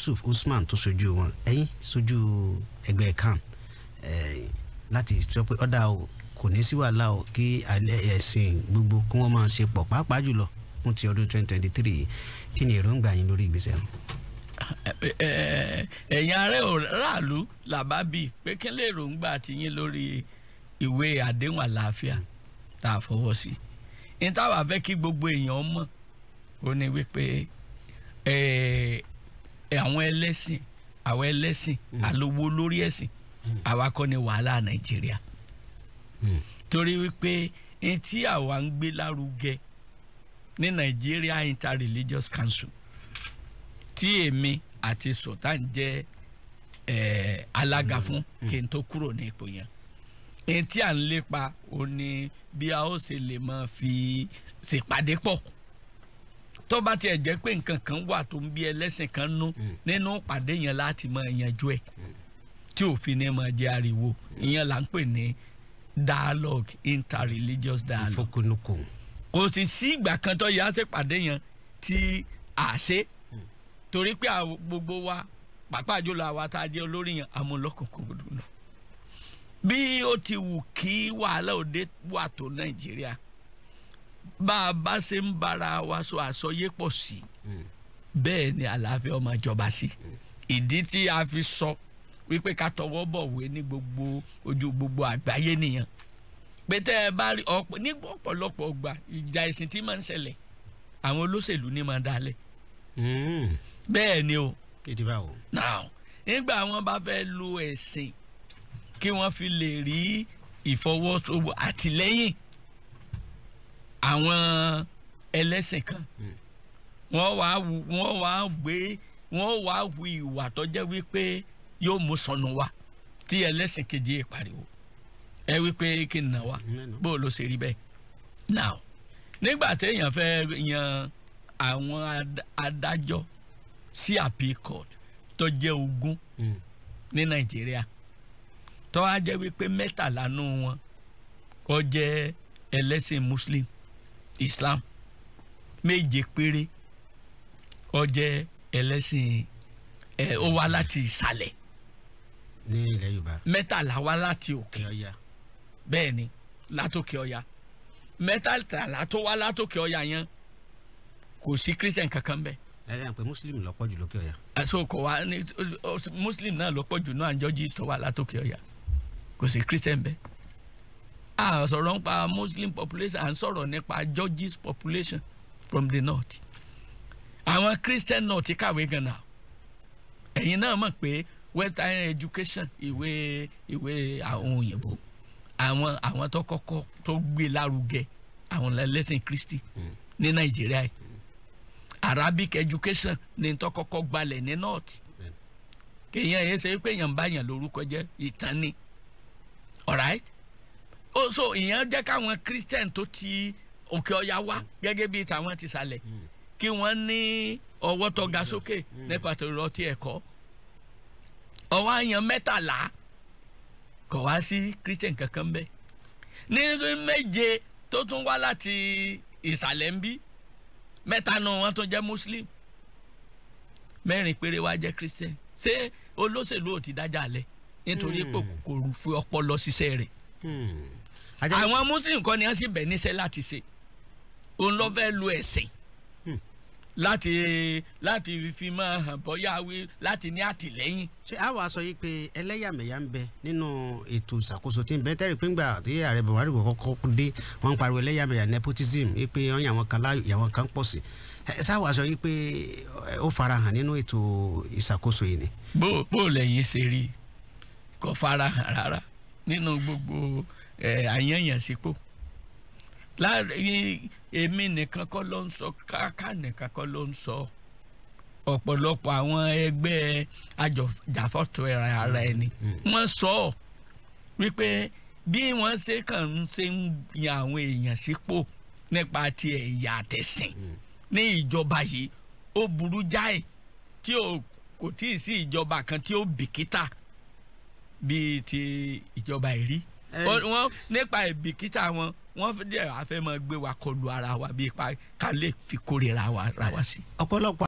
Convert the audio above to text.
yusuf usman tó sojú wọn ẹ̀yin sojú ẹgbẹ́ kan láti sọ pé ọ̀dà o kò ní sí wàhálà o kí ẹ̀sìn gbogbo kí wọ́n máa ṣe pọ̀ pàápàá jùlọ fún ti ọdún 2023 kí ni èròǹgbà yín lórí ìgbésẹ̀ wọn. ẹ̀yin ará òráàlú làbábì pé kí lè èròǹgbà tiyín lórí ìwé àdéhùn àlàáfíà tá a fọwọ́ sí ní táwa fẹ́ kí gbogbo èèyàn mọ̀ ó ní wípé àwọn ẹlẹ́sìn àwọn ẹlẹ́sìn àlówó hmm. lórí ẹ̀sìn hmm. àwa kọ́ ni wàhálà nàìjíríà hmm. torí wípé ní tí àwa ń gbé lárugẹ ní nàìjíríà interreligious council tí èmi àti sultan jẹ́ eh, alága fún kí n tó kúrò ní ipò yẹn ní tí à ń lépa òní bí a ó ṣe lè máa fi ṣèpàdé pọ̀ tó bá tiẹ̀ jẹ́ pé nǹkan kan wà tó ń bí ẹlẹ́sìn kan nú hmm. nínú pàdé yẹn láti máa yanjú ẹ̀ hmm. tí òfin ni máa jẹ́ ariwo hmm. ìyẹn là ń pè ní dialogue interreligious dialogue. ìfọkànlùkù. kò sì sí ìgbà kan tó yẹ àṣepàdé yẹn tí a ṣe torí pé gbogbo wa pàápàá jùlọ àwa tá a jẹ́ olórí yẹn amúlọ́kùnkùn gbọdọ̀ bí ó ti wù kí wàhálà òde wà tó nàìjíríà bá a bá ṣe ń bára wa sọ àsọyé pọ̀ sí hmm. bẹ́ẹ̀ ni àlàáfíà ọmọ ìjọba sí hmm. ìdí tí a fi sọ wípé ká tọwọ́ bọ̀wé ní gbogbo ojú gbogbo àgbáyé nìyẹn pé tẹ́ ẹ bá rí ọ̀pọ̀ ní ọ̀pọ̀lọpọ̀ gbà ìjà ìsìn tí máa ń ṣẹlẹ̀ àwọn olóṣèlú ní máa dalẹ̀ hmm. bẹ́ẹ̀ ni o now nígbà wọn bá fẹ́ lo ẹ̀sìn kí wọ́n fi lè rí ìfọwọ́sowọ́ àtìlẹ́yìn àwọn ẹlẹ́sìn kan hmm. wọ́n wàá wọ́n wàá gbé wọ́n wàá wu ìwà tó jẹ́ wípé yóò mú sọnù wa tí ẹlẹ́sìn kejì yìí pariwo ẹ wípé kí n nà wá hmm. bó ló ṣe rí bẹ́ẹ̀ now nígbà téèyàn fẹ́ yan àwọn adájọ́ sí appeal court tó jẹ́ ogún hmm. ní nàìjíríà tó wá jẹ́ wípé mẹ́tàlá nù wọn kó jẹ́ ẹlẹ́sìn muslim. Mm Islam méje péré ó jẹ́ ẹlẹ́sìn ẹ ó wá láti ìsàlẹ̀ ní ilẹ̀ Yorùbá mẹ́tàlá wá láti òkè ọya bẹ́ẹ̀ ni látòkè ọya mẹ́tàlá tó wá látòkè ọya yẹn kò sí Christian kankan bẹ́ẹ̀ ẹ ẹ pé muslim lọ́pọ̀ jù lókè ọ̀yà. àsokò wa ni muslim náà lọ́pọ̀ jù náà àjọ jíìs tó wà látòkè ọ̀yà kò sí christian bẹ́ẹ̀ a sọ̀rọ̀ nípa muslim population à ń sọ̀rọ̀ nípa georges population from the north àwọn christian náà ti kàwé ganan ẹ̀yin náà mọ̀ pé western education ìwé ìwé àwọn òyìnbó àwọn àwọn tó kọ́kọ́ tó gbé lárugẹ àwọn lẹ́sìn Kristi ní Nàìjíríà yìí Arabic education ní tó kọ́kọ́ gbalẹ̀ ní north kéèyàn yẹn ṣe pé èèyàn bá yàn lórúkọ jẹ́ ìtàn ni alright ó oh, so ìyẹn jẹ́ káwọn christian tó ti òkè ọ̀yà wá gẹ́gẹ́ bíi tàwọn ti sàlẹ̀ hmm. kí wọ́n ní ọwọ́ tó ga hmm. sókè hmm. nípa tó rọ tí ẹ̀kọ́ ọwọ́ àyàn mẹ́tàlá kọ̀ wá sí christian kankan bẹ́ẹ̀ nínú méje tó tún wá láti ìsàlẹ̀ ń bí mẹ́ta náà wọ́n tún jẹ́ muslim mẹ́rin péré wá jẹ́ christian ṣé olóṣèlú ò ti dájà lẹ̀ nítorí pé kò fún ọpọlọ ṣiṣẹ́ rẹ̀ Hmm. àwọn muslim kan ni wọ́n sì bẹ̀ níṣẹ́ láti ṣe òun lọ fẹ́ lu ẹ̀sìn hmm. láti láti fi máa hàn bóyá wí láti ní àtìlẹ́yìn. ṣé a wàá sọ yìí pé ẹlẹ́yàmẹ̀yà ń bẹ nínú ètò ìṣàkóso tí ń bẹ tẹ́rì pínpà tí ààrẹ buhari kò kọ́kọ́ dé wọ́n ń pariwo ẹlẹ́yàmẹ̀yà nepotism yìí pé wọ́n yàn kan láàyò yàn kan pọ̀ sí i ṣá wàá yìí pé ó farahàn nínú ètò ìṣàkóso yìí ni. bó bó lẹ́yìn ṣe rí kò farahàn rárá nínú gbogbo àyànyànsípò láàrin èmi nìkan kọ́ ló ń sọ káká nìkan kọ́ ló ń sọ ọ̀pọ̀lọpọ̀ àwọn ẹgbẹ́ ajọ̀jàfọ́tò ara ẹni wọ́n sọ wípé bí wọ́n ṣe kàn ń ṣe ń yan àwọn èèyàn sípò nípa ti ẹ̀yà àtẹ̀sìn ní ìjọba yìí ó burú jáì tí kò tí ì sí ìjọba kan tí ó bìkítà bíi ti ìjọba ìrí wọ́n nípa ìbìkítà wọn wọ́n dẹ̀ afẹ́ máa gbé wa kọlu ara wa bíi ká lè fi kórìíra wa sí. ọ̀pọ̀lọpọ̀